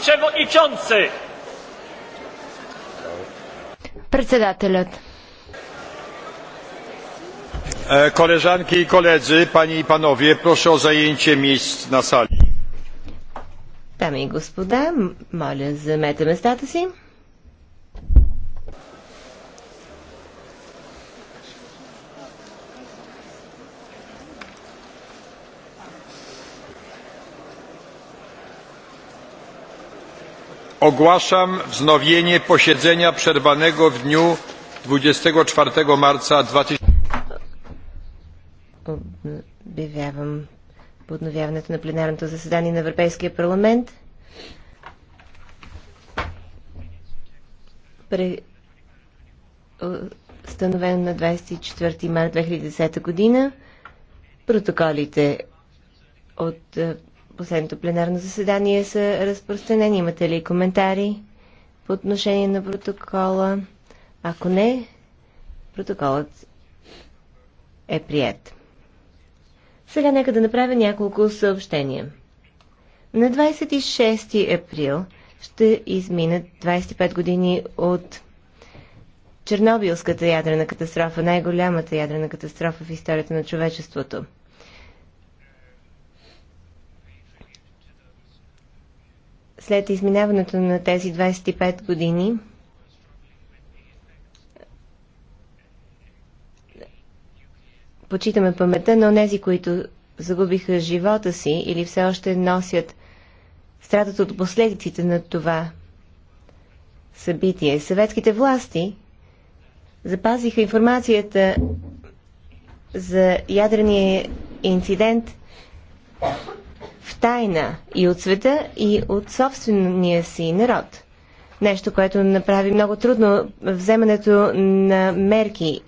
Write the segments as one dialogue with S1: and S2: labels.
S1: przewodniczący! Председателят. Koleżanki i koledzy, panie i panowie, proszę o
S2: zajęcie miejsc na sali.
S1: Damy i господа, моля, заемете местата си. Ogłaszam wznowienie posiedzenia przerwanego w dniu 24 marca 2000. Обявявам подновяването на пленарното заседание на Европейския парламент. Пре... Становено на 24 марта 2010 година. Протоколите от последното пленарно заседание са разпространени. Имате ли коментари по отношение на протокола? Ако не, протоколът е прият. Сега нека да направя няколко съобщения. На 26 април ще изминат 25 години от Чернобилската ядрена катастрофа, най-голямата ядрена катастрофа в историята на човечеството. след изминаването на тези 25 години, почитаме паметта на нези, които загубиха живота си или все още носят страдат от последиците на това събитие. Съветските власти запазиха информацията за ядрения инцидент тайна и от света, и от собствения си народ. Нещо, което направи много трудно вземането на мерки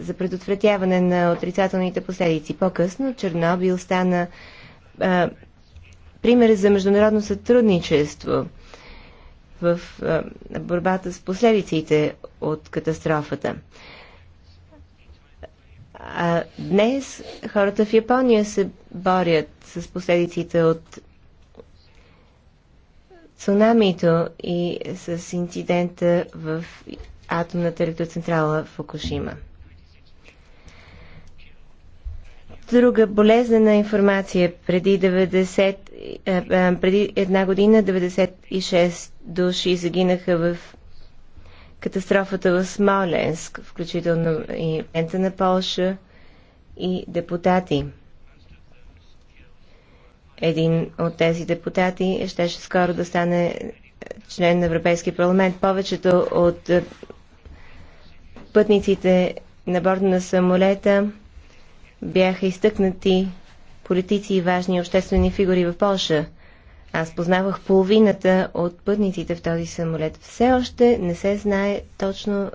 S1: за предотвратяване на отрицателните последици. По-късно Чернобил стана а, пример за международно сътрудничество в а, борбата с последиците от катастрофата. А днес хората в Япония се борят с последиците от цунамито и с инцидента в атомната електроцентрала в Фукушима. Друга болезнена информация. Преди, 90, преди една година 96 души загинаха в катастрофата в Смоленск, включително и ента на Полша и депутати. Един от тези депутати щеше скоро да стане член на Европейския парламент. Повечето от пътниците на борда на самолета бяха изтъкнати политици и важни обществени фигури в Польша. Аз познавах половината от пътниците в този самолет. Все още не се знае точно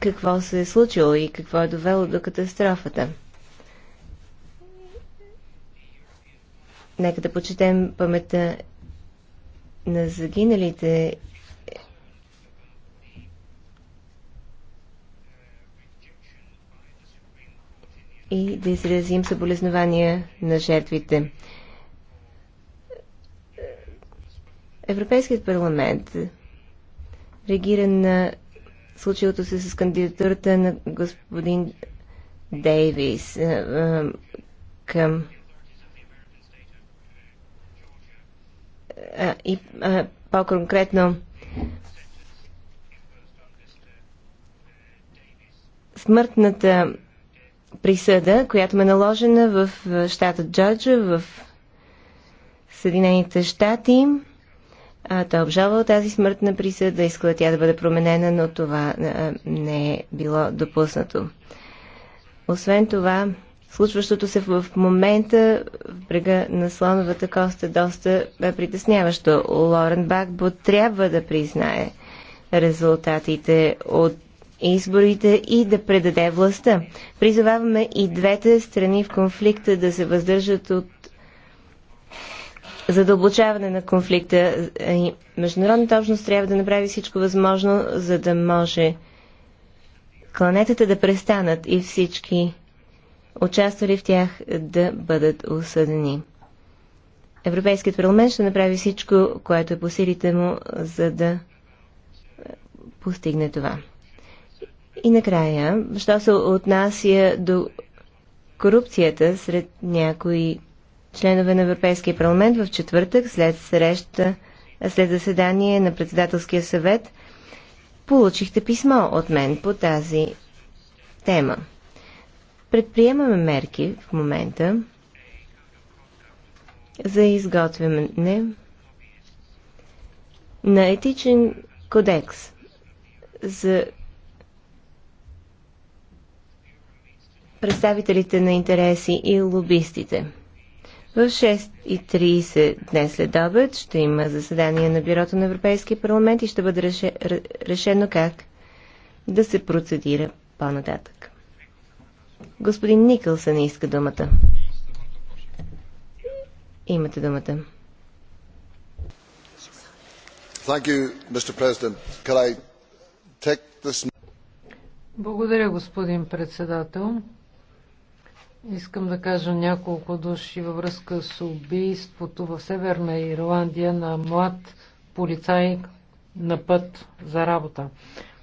S1: какво се е случило и какво е довело до катастрофата. Нека да почетем паметта на загиналите и да изразим съболезнования на жертвите. Европейският парламент реагира на случилото се с кандидатурата на господин Дейвис е, е, към е, и по-конкретно смъртната присъда, която ме е наложена в щата Джорджа, в Съединените щати. А, той обжалвал тази смъртна присъда, искала тя да бъде променена, но това а, не е било допуснато. Освен това, случващото се в момента в брега на Слоновата коста доста е притесняващо. Лорен Бакбо трябва да признае резултатите от изборите и да предаде властта. Призоваваме и двете страни в конфликта да се въздържат от задълбочаване на конфликта. Международната общност трябва да направи всичко възможно, за да може кланетата да престанат и всички участвали в тях да бъдат осъдени. Европейският парламент ще направи всичко, което е по силите му, за да постигне това. И накрая, що се отнася до корупцията сред някои членове на Европейския парламент в четвъртък след среща, след заседание на председателския съвет, получихте писмо от мен по тази тема. Предприемаме мерки в момента за изготвяне на етичен кодекс за представителите на интереси и лобистите. В 6.30 днес след обед ще има заседание на Бюрото на Европейския парламент и ще бъде решено как да се процедира по-нататък. Господин Никълсън иска думата. Имате думата. You, this...
S2: Благодаря, господин председател. Искам да кажа няколко души във връзка с убийството в Северна Ирландия на млад полицай на път за работа.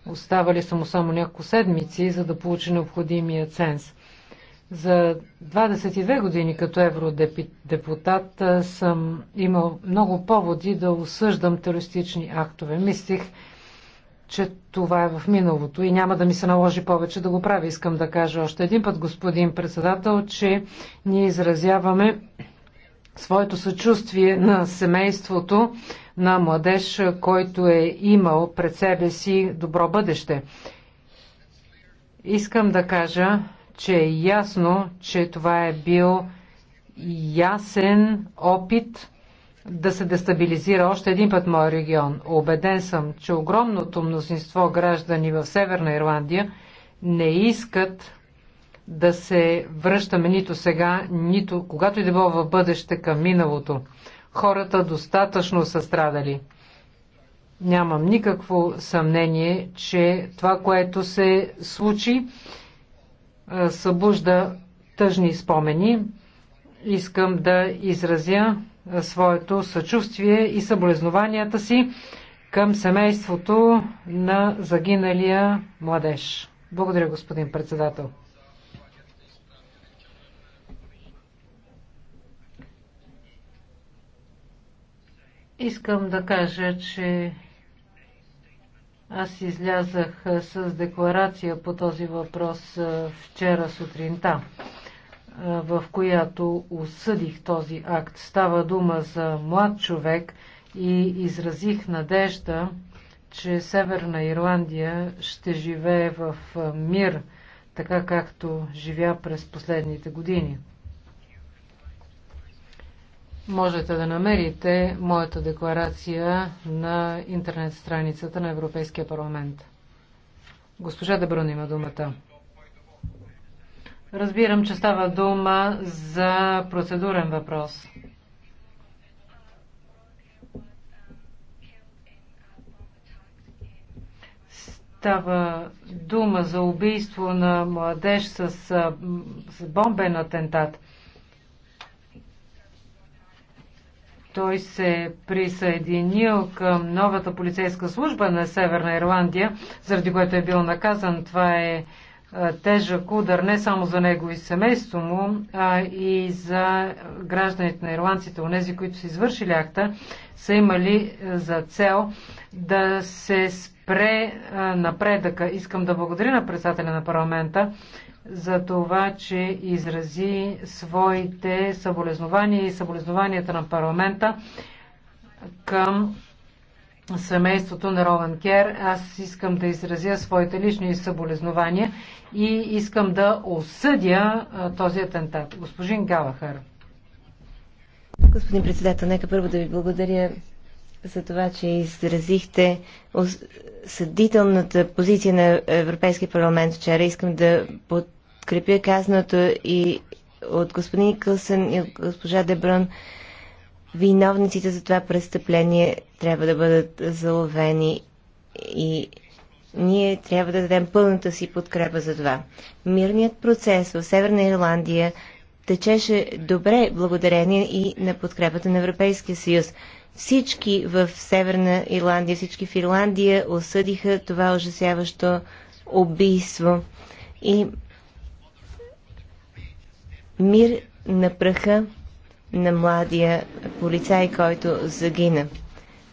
S2: Оставали са му само няколко седмици, за да получи необходимия ценз. За 22 години като евродепутат съм имал много поводи да осъждам терористични актове. Мислих, че това е в миналото и няма да ми се наложи повече да го правя. Искам да кажа още един път, господин председател, че ние изразяваме своето съчувствие на семейството на младеж, който е имал пред себе си добро бъдеще. Искам да кажа, че е ясно, че това е бил ясен опит да се дестабилизира още един път мой регион. Обеден съм, че огромното мнозинство граждани в Северна Ирландия не искат да се връщаме нито сега, нито когато и да било в бъдеще към миналото. Хората достатъчно са страдали. Нямам никакво съмнение, че това, което се случи, събужда тъжни спомени. Искам да изразя своето съчувствие и съболезнованията си към семейството на загиналия младеж. Благодаря, господин председател. Искам да кажа, че аз излязах с декларация по този въпрос вчера сутринта в която осъдих този акт. Става дума за млад човек и изразих надежда, че Северна Ирландия ще живее в мир, така както живя през последните години. Можете да намерите моята декларация на интернет страницата на Европейския парламент. Госпожа Деброн има думата. Разбирам, че става дума за процедурен въпрос. Става дума за убийство на младеж с, с бомбен атентат. Той се присъединил към новата полицейска служба на Северна Ирландия, заради което е бил наказан. Това е е, тежък удар не само за него и семейство му, а и за гражданите на ирландците, онези, които са извършили акта, са имали е, за цел да се спре е, напредъка. Искам да благодаря на председателя на парламента за това, че изрази своите съболезнования и съболезнованията на парламента към семейството на Ролан Кер. Аз искам да изразя своите лични съболезнования и искам да осъдя този атентат. Господин Галахар.
S1: Господин председател, нека първо да ви благодаря за това, че изразихте съдителната позиция на Европейския парламент вчера. Искам да подкрепя казаното и от господин Кълсен и от госпожа Дебрън виновниците за това престъпление трябва да бъдат заловени и ние трябва да дадем пълната си подкрепа за това. Мирният процес в Северна Ирландия течеше добре благодарение и на подкрепата на Европейския съюз. Всички в Северна Ирландия, всички в Ирландия осъдиха това ужасяващо убийство. И мир на пръха на младия полицай, който загина.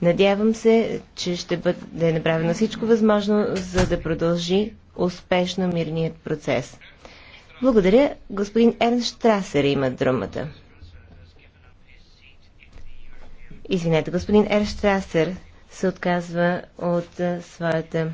S1: Надявам се, че ще бъде да е направено всичко възможно, за да продължи успешно мирният процес. Благодаря. Господин Ерн Штрасер има думата. Извинете, господин Ерн Штрасер се отказва от своята